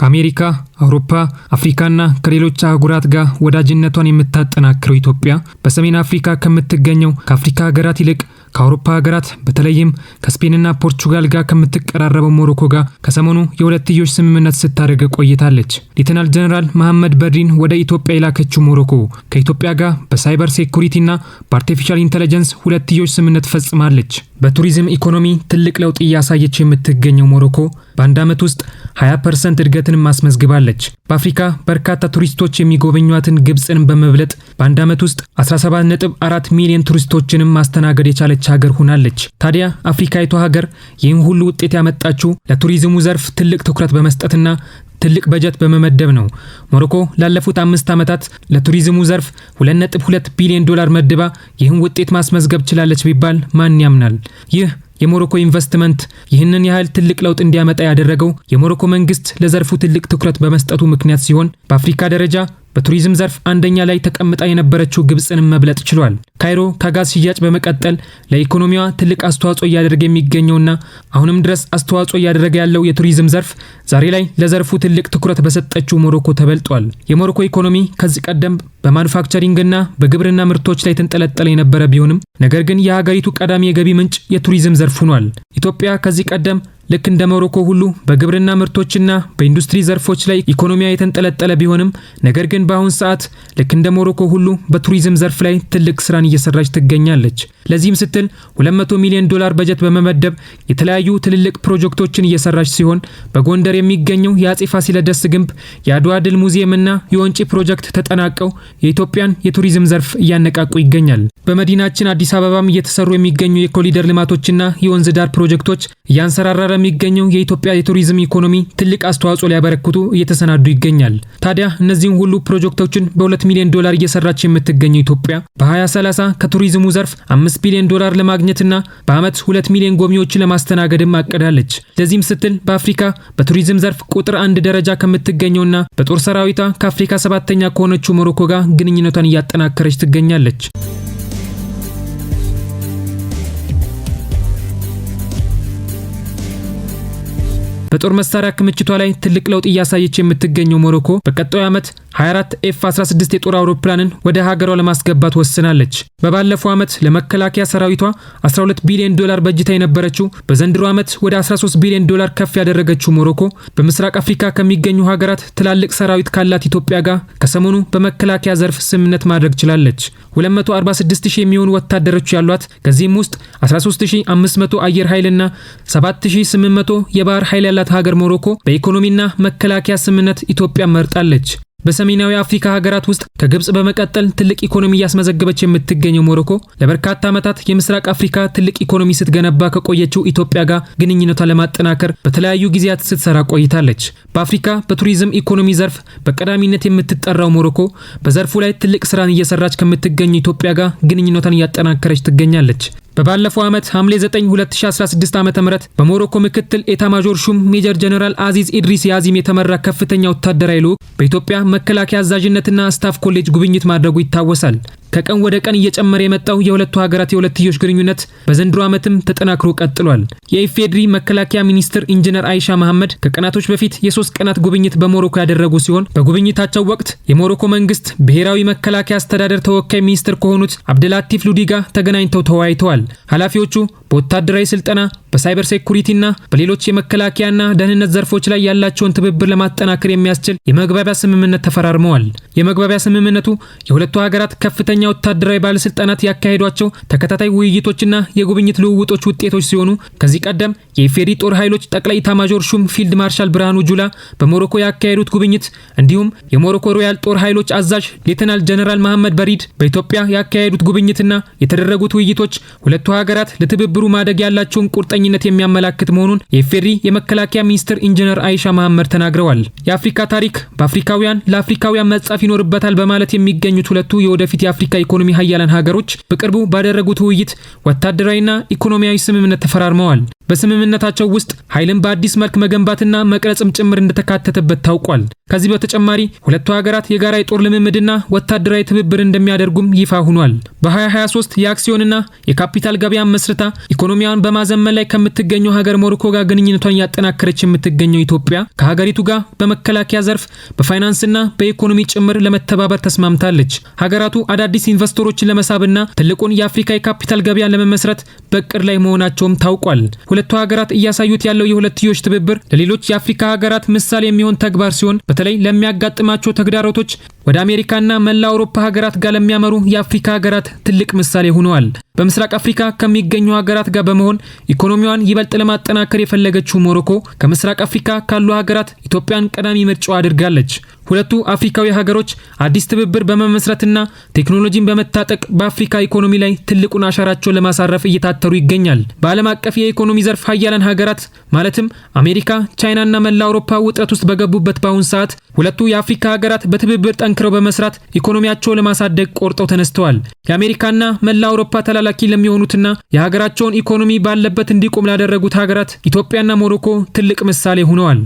ከአሜሪካ፣ አውሮፓ፣ አፍሪካና ከሌሎች አህጉራት ጋር ወዳጅነቷን የምታጠናክረው ኢትዮጵያ በሰሜን አፍሪካ ከምትገኘው ከአፍሪካ ሀገራት ይልቅ ከአውሮፓ ሀገራት በተለይም ከስፔንና ፖርቹጋል ጋር ከምትቀራረበው ሞሮኮ ጋር ከሰሞኑ የሁለትዮሽ ስምምነት ስታደርግ ቆይታለች። ሌተናል ጀነራል መሐመድ በድሪን ወደ ኢትዮጵያ የላከችው ሞሮኮ ከኢትዮጵያ ጋር በሳይበር ሴኩሪቲና በአርቲፊሻል ኢንቴለጀንስ ሁለትዮሽ ስምምነት ፈጽማለች። በቱሪዝም ኢኮኖሚ ትልቅ ለውጥ እያሳየች የምትገኘው ሞሮኮ በአንድ ዓመት ውስጥ 20 ፐርሰንት እድገትን ማስመዝግባለች። በአፍሪካ በርካታ ቱሪስቶች የሚጎበኟትን ግብፅን በመብለጥ በአንድ ዓመት ውስጥ 17.4 ሚሊዮን ቱሪስቶችንም ማስተናገድ የቻለች ሀገር ሆናለች። ታዲያ አፍሪካዊቷ ሀገር ይህን ሁሉ ውጤት ያመጣችው ለቱሪዝሙ ዘርፍ ትልቅ ትኩረት በመስጠትና ትልቅ በጀት በመመደብ ነው። ሞሮኮ ላለፉት አምስት ዓመታት ለቱሪዝሙ ዘርፍ 2.2 ቢሊዮን ዶላር መድባ ይህን ውጤት ማስመዝገብ ችላለች ቢባል ማን ያምናል? ይህ የሞሮኮ ኢንቨስትመንት ይህንን ያህል ትልቅ ለውጥ እንዲያመጣ ያደረገው የሞሮኮ መንግስት ለዘርፉ ትልቅ ትኩረት በመስጠቱ ምክንያት ሲሆን በአፍሪካ ደረጃ በቱሪዝም ዘርፍ አንደኛ ላይ ተቀምጣ የነበረችው ግብፅንም መብለጥ ችሏል። ካይሮ ከጋዝ ሽያጭ በመቀጠል ለኢኮኖሚዋ ትልቅ አስተዋጽኦ እያደረገ የሚገኘውና አሁንም ድረስ አስተዋጽኦ እያደረገ ያለው የቱሪዝም ዘርፍ ዛሬ ላይ ለዘርፉ ትልቅ ትኩረት በሰጠችው ሞሮኮ ተበልጧል። የሞሮኮ ኢኮኖሚ ከዚህ ቀደም በማኑፋክቸሪንግና በግብርና ምርቶች ላይ ተንጠለጠለ የነበረ ቢሆንም ነገር ግን የሀገሪቱ ቀዳሚ የገቢ ምንጭ የቱሪዝም ዘርፍ ሆኗል። ኢትዮጵያ ከዚህ ቀደም ልክ እንደ ሞሮኮ ሁሉ በግብርና ምርቶችና በኢንዱስትሪ ዘርፎች ላይ ኢኮኖሚያ የተንጠለጠለ ቢሆንም ነገር ግን በአሁን ሰዓት ልክ እንደ ሞሮኮ ሁሉ በቱሪዝም ዘርፍ ላይ ትልቅ ስራን እየሰራች ትገኛለች። ለዚህም ስትል 200 ሚሊዮን ዶላር በጀት በመመደብ የተለያዩ ትልልቅ ፕሮጀክቶችን እየሰራች ሲሆን በጎንደር የሚገኘው የአጼ ፋሲለደስ ግንብ፣ የአድዋ ድል ሙዚየምና የወንጪ ፕሮጀክት ተጠናቀው የኢትዮጵያን የቱሪዝም ዘርፍ እያነቃቁ ይገኛል። በመዲናችን አዲስ አበባም እየተሰሩ የሚገኙ የኮሊደር ልማቶችና የወንዝ ዳር ፕሮጀክቶች እያንሰራራረ ለሚገኘው የኢትዮጵያ የቱሪዝም ኢኮኖሚ ትልቅ አስተዋጽኦ ሊያበረክቱ እየተሰናዱ ይገኛል። ታዲያ እነዚህን ሁሉ ፕሮጀክቶችን በሁለት ሚሊዮን ዶላር እየሰራች የምትገኘው ኢትዮጵያ በ2030 ከቱሪዝሙ ዘርፍ 5 ቢሊዮን ዶላር ለማግኘትና በዓመት ሁለት ሚሊዮን ጎብኚዎችን ለማስተናገድም አቅዳለች። ለዚህም ስትል በአፍሪካ በቱሪዝም ዘርፍ ቁጥር አንድ ደረጃ ከምትገኘውና በጦር ሰራዊቷ ከአፍሪካ ሰባተኛ ከሆነችው ሞሮኮ ጋር ግንኙነቷን እያጠናከረች ትገኛለች። የጦር መሳሪያ ክምችቷ ላይ ትልቅ ለውጥ እያሳየች የምትገኘው ሞሮኮ በቀጣዩ ዓመት 24 ኤፍ 16 የጦር አውሮፕላንን ወደ ሀገሯ ለማስገባት ወስናለች። በባለፈው ዓመት ለመከላከያ ሰራዊቷ 12 ቢሊዮን ዶላር በጅታ የነበረችው በዘንድሮ ዓመት ወደ 13 ቢሊዮን ዶላር ከፍ ያደረገችው ሞሮኮ በምስራቅ አፍሪካ ከሚገኙ ሀገራት ትላልቅ ሰራዊት ካላት ኢትዮጵያ ጋር ከሰሞኑ በመከላከያ ዘርፍ ስምምነት ማድረግ ችላለች። 246000 የሚሆኑ ወታደሮች ያሏት ከዚህም ውስጥ 13500 አየር ኃይልና 7800 የባህር ኃይል ያላት ሀገር ሞሮኮ በኢኮኖሚና መከላከያ ስምምነት ኢትዮጵያ መርጣለች። በሰሜናዊ አፍሪካ ሀገራት ውስጥ ከግብጽ በመቀጠል ትልቅ ኢኮኖሚ እያስመዘገበች የምትገኘው ሞሮኮ ለበርካታ ዓመታት የምስራቅ አፍሪካ ትልቅ ኢኮኖሚ ስትገነባ ከቆየችው ኢትዮጵያ ጋር ግንኙነቷን ለማጠናከር በተለያዩ ጊዜያት ስትሰራ ቆይታለች። በአፍሪካ በቱሪዝም ኢኮኖሚ ዘርፍ በቀዳሚነት የምትጠራው ሞሮኮ በዘርፉ ላይ ትልቅ ስራን እየሰራች ከምትገኘው ኢትዮጵያ ጋር ግንኙነቷን እያጠናከረች ትገኛለች። በባለፈው ዓመት ሐምሌ 9 2016 ዓ.ም በሞሮኮ ምክትል ኤታማዦር ሹም ሜጀር ጀነራል አዚዝ ኢድሪስ ያዚም የተመራ ከፍተኛ ወታደራዊ ልዑክ በኢትዮጵያ መከላከያ አዛዥነትና ስታፍ ኮሌጅ ጉብኝት ማድረጉ ይታወሳል። ከቀን ወደ ቀን እየጨመረ የመጣው የሁለቱ ሀገራት የሁለትዮሽ ግንኙነት በዘንድሮ ዓመትም ተጠናክሮ ቀጥሏል። የኢፌዴሪ መከላከያ ሚኒስትር ኢንጂነር አይሻ መሐመድ ከቀናቶች በፊት የሶስት ቀናት ጉብኝት በሞሮኮ ያደረጉ ሲሆን በጉብኝታቸው ወቅት የሞሮኮ መንግስት ብሔራዊ መከላከያ አስተዳደር ተወካይ ሚኒስትር ከሆኑት አብደላቲፍ ሉዲጋ ተገናኝተው ተወያይተዋል። ኃላፊዎቹ በወታደራዊ ስልጠና በሳይበር ሴኩሪቲና በሌሎች የመከላከያና ደህንነት ዘርፎች ላይ ያላቸውን ትብብር ለማጠናከር የሚያስችል የመግባቢያ ስምምነት ተፈራርመዋል። የመግባቢያ ስምምነቱ የሁለቱ ሀገራት ከፍተኛ ወታደራዊ ባለስልጣናት ያካሄዷቸው ተከታታይ ውይይቶችና የጉብኝት ልውውጦች ውጤቶች ሲሆኑ ከዚህ ቀደም የኢፌዴሪ ጦር ኃይሎች ጠቅላይ ኢታማዦር ሹም ፊልድ ማርሻል ብርሃኑ ጁላ በሞሮኮ ያካሄዱት ጉብኝት እንዲሁም የሞሮኮ ሮያል ጦር ኃይሎች አዛዥ ሌተናል ጀነራል መሐመድ በሪድ በኢትዮጵያ ያካሄዱት ጉብኝትና የተደረጉት ውይይቶች ሁለቱ ሀገራት ለትብብሩ ማደግ ያላቸውን ቁርጠኝነት የሚያመላክት መሆኑን የኢፌዴሪ የመከላከያ ሚኒስትር ኢንጂነር አይሻ መሐመድ ተናግረዋል። የአፍሪካ ታሪክ በአፍሪካውያን ለአፍሪካውያን መጻፍ ይኖርበታል በማለት የሚገኙት ሁለቱ የወደፊት የአፍሪካ የአፍሪካ ኢኮኖሚ ሀያላን ሀገሮች በቅርቡ ባደረጉት ውይይት ወታደራዊና ኢኮኖሚያዊ ስምምነት ተፈራርመዋል። በስምምነታቸው ውስጥ ኃይልን በአዲስ መልክ መገንባትና መቅረጽም ጭምር እንደተካተተበት ታውቋል። ከዚህ በተጨማሪ ሁለቱ ሀገራት የጋራ የጦር ልምምድና ወታደራዊ ትብብር እንደሚያደርጉም ይፋ ሆኗል። በ2023 የአክሲዮንና የካፒታል ገበያን መስርታ ኢኮኖሚያን በማዘመን ላይ ከምትገኘው ሀገር ሞሮኮ ጋር ግንኙነቷን ያጠናከረች የምትገኘው ኢትዮጵያ ከሀገሪቱ ጋር በመከላከያ ዘርፍ በፋይናንስና በኢኮኖሚ ጭምር ለመተባበር ተስማምታለች። ሀገራቱ አዳዲስ ኢንቨስተሮችን ለመሳብና ትልቁን የአፍሪካ የካፒታል ገበያ ለመመስረት በቅድ ላይ መሆናቸውም ታውቋል። ሁለቱ ሀገራት እያሳዩት ያለው የሁለትዮሽ ትብብር ለሌሎች የአፍሪካ ሀገራት ምሳሌ የሚሆን ተግባር ሲሆን በተለይ ለሚያጋጥማቸው ተግዳሮቶች ወደ አሜሪካና መላ አውሮፓ ሀገራት ጋር ለሚያመሩ የአፍሪካ ሀገራት ትልቅ ምሳሌ ሆነዋል። በምስራቅ አፍሪካ ከሚገኙ ሀገራት ጋር በመሆን ኢኮኖሚዋን ይበልጥ ለማጠናከር የፈለገችው ሞሮኮ ከምስራቅ አፍሪካ ካሉ ሀገራት ኢትዮጵያን ቀዳሚ ምርጫዋ አድርጋለች። ሁለቱ አፍሪካዊ ሀገሮች አዲስ ትብብር በመመስረትና ቴክኖሎጂን በመታጠቅ በአፍሪካ ኢኮኖሚ ላይ ትልቁን አሻራቸውን ለማሳረፍ እየታተሩ ይገኛል። በዓለም አቀፍ የኢኮኖሚ ዘርፍ ሀያላን ሀገራት ማለትም አሜሪካ፣ ቻይናና መላ አውሮፓ ውጥረት ውስጥ በገቡበት በአሁን ሰዓት ሁለቱ የአፍሪካ ሀገራት በትብብር ጠንክረው በመስራት ኢኮኖሚያቸው ለማሳደግ ቆርጠው ተነስተዋል። የአሜሪካና መላ አውሮፓ ተላ ተላላኪ ለሚሆኑትና የሀገራቸውን ኢኮኖሚ ባለበት እንዲቆም ላደረጉት ሀገራት ኢትዮጵያና ሞሮኮ ትልቅ ምሳሌ ሆነዋል።